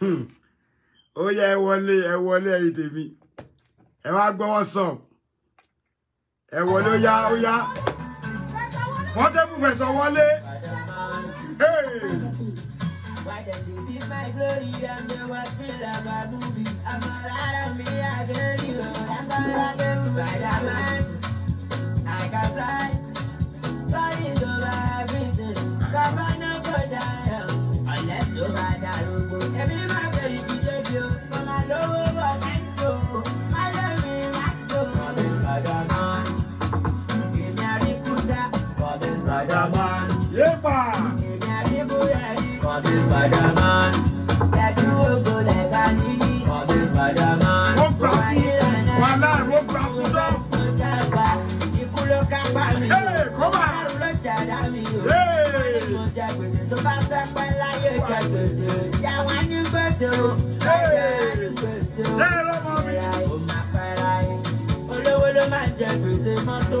Hmm. ó yẹ ẹ wọlé ẹ wọlé ẹ̀yin tèmi ẹ wá gbọ́wọ́ sọ ẹ wọlé ó yá ó yá wọ́n tẹ́ mú fẹ̀sọ̀ wọlé. Hey. Spider-Man. Yepa! For the Spider-Man. That you will go like a genie. For the Spider-Man. Wọ́n gbà fún wàhálà wọ́n gbà fún lọ. Ikú ló ká bá mi. Kọ́mà. Àrùn ló ṣàdá mi o. Mo jẹ gbèsè tó bá fẹ́ pẹ́ láyé jẹ gbèsè. Ìyá wa ní gbèsè o. Ẹ̀yà ní gbèsè o. Ẹ̀yà ó máa pẹ́ láyé. Olówó ló máa jẹ gbèsè mọ́tò.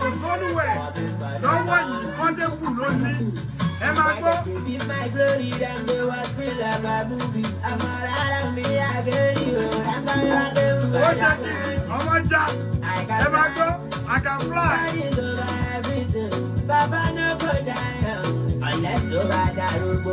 ṣọ́ọ̀ṣì sọ́lùwẹ̀ lọ́wọ́ yìí kọ́ndébù lónìí ẹ máa gbọ́. bí my glory dàgbé wá sí làbà búbi àmọ́ rárá mi àgẹ́rì o lágbáyé àgẹ́rù bàjẹ́. ó ṣe kí ọmọ já ẹ máa gbọ́ I can fly. bàbá náà kò dáyọ̀ ọ̀lẹ́ tó bá darúgbó.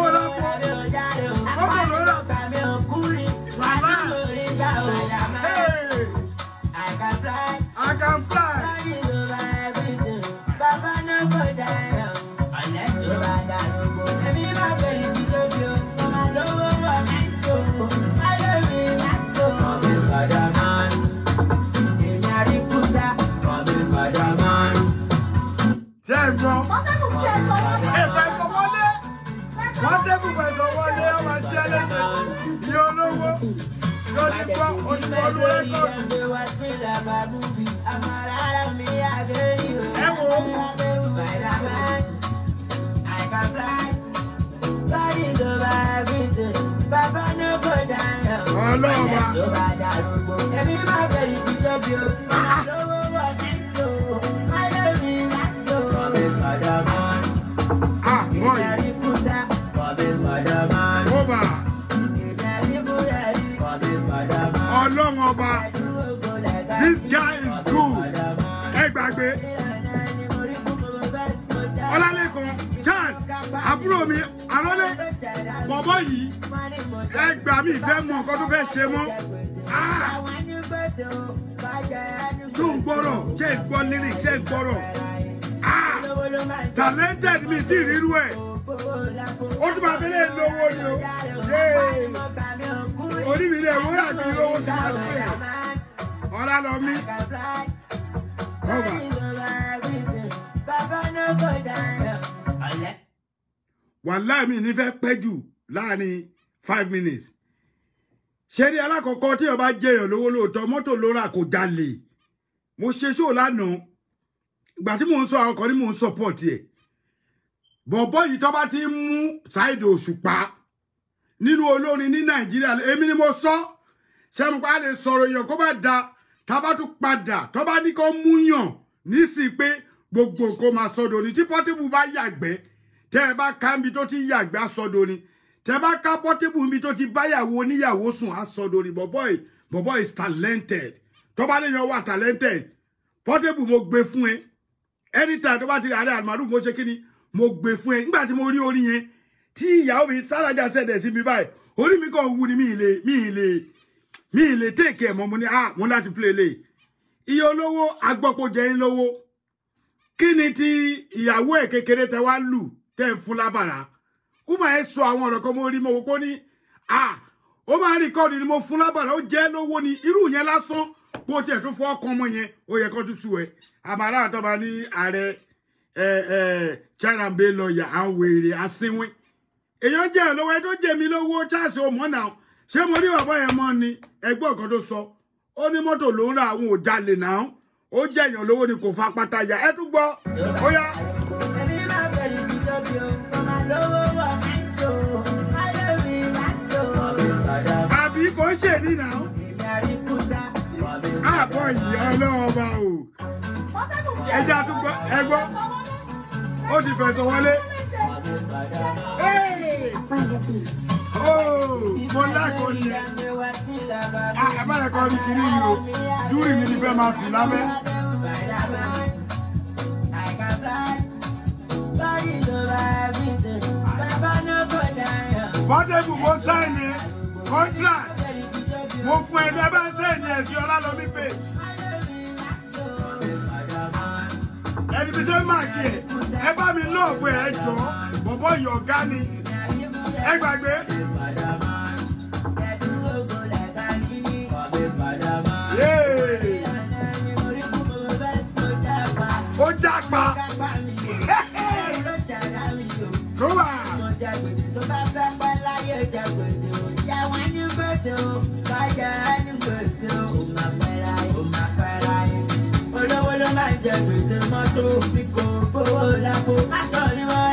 àbúfẹ̀sọ̀ wọlé ó máa ṣe léde ní olówó lórí gbọ́ òyìnbó ló bọ̀bọ̀ yìí ẹ gbà mí ìfẹ́ mọ nǹkan tó fẹ́ ṣe mọ́ tó ń gbọ́rọ̀ ṣé ń gbọ́ lírí ṣé ń gbọ́rọ̀ talented mi ti ríru ẹ̀ ó tún máa fẹ́lẹ́ lówó ni o oníbìrì ìwúrà mi lówó ti máa fẹ́ yà ọ̀la lọ mí wàláì mi ní fẹ́ pẹ́ jù láàrin five minutes ṣeré alákọ̀ọ́kọ́ tí ọba jẹyàn lówó lóòótọ́ mọ́tò lóra kò jalè mo ṣe ṣó lánàá ìgbà tí mò ń sọ àwọn kan ní mò ń support ẹ̀ bọ̀bọ́ yìí tó bá ti mú Saheed Òṣùpá nínú olórin ní Nàìjíríà èmi ni mo sọ ṣẹ́mi pa lè sọ̀rọ̀ èèyàn kó bá da tá a bá tún padà tó bá ní kó mú yàn pé gbogbo nǹkan máa sọdọ̀ ni tí Portable bá yàgbẹ́ tẹ́ ẹ bá káńbi tó ti yàgbẹ́ àsọdọ̀ ni tẹ bá ká pọ́tébù mi tó ti báyàwó oníyàwó sùn á sọ lórí bọ́bọ́ is talented tó bá léèyàn wà talented pọ́tébù mo gbé fún ẹ anytime tó bá ti rí àárẹ̀ àlùmọ́dún mo ṣe kíni mo gbé fún ẹ nígbà tí mo rí orí yẹn tí ìyàwó mi sáraja ṣẹ̀dẹ̀ sí mi báyìí orí mi kàn wú ni mi lè mi lè mi lè take ẹ̀ mọ́ mo ní ah mo láti play le. iye olówó agbọ́pọ̀ jẹ́ yín lówó kí ni ti ìyàwó ẹ̀ kékeré tẹ wá lù tẹ́ ń fún kúmọ̀ ẹ sọ àwọn ọ̀rọ̀ kan mo rí mo wò pé ó ní à ó máa ń rìkọ́ọ̀dù ni mo fún lábàrà ó jẹ́ lówó ni irú yẹn lásán bó tiẹ̀ tún fọ́ ọkàn ọmọ yẹn ó yẹ kó are eh eh àmàrà àtọ́ba ní ààrẹ charambe lọ́ọ̀yà àwèrè àsínwín èèyàn e lówó ẹ tó jẹ́ mi lówó charles omona ṣé mo rí bàbá yẹn mọ́ ni ẹgbẹ́ ọ̀kan tó sọ ó ní mọ́tò ló ń ra o òjalè náà ó jẹ́ èèyàn lówó ni kò fa pátá ya ẹ tún gbọ́ ó àbí kò ṣe ní nà ó àbọ̀ yìí ọlọ́ọ̀ba o ẹja tún gbọ́ ẹ gbọ́ ó ti fẹ̀sọ̀ wọlé oh, mo lákò ní ẹ bá yẹ kọ́ ní kiri yìí o júrì mi ni fẹ́ máa fi lábẹ́. Portable mo sáìnì contract mo fún ẹni ẹ bá sáìnì ẹ̀ sí Ọlálọ́mí page. Ẹni bí ṣe máa kí ẹ ẹ bá mi lóògùn ẹ jọ bọ̀bọ̀ yọ̀gá ni ẹ gbàgbé. ìjà gbèsè o ìjà wọn ní gbèsè o bàjá ní gbèsè o ò má pẹ́ láyé ò má pẹ́ láyé olówó ló máa ń jẹ gbèsè mọ́tò bí kò lápò pásítọ̀ ni wọ́n.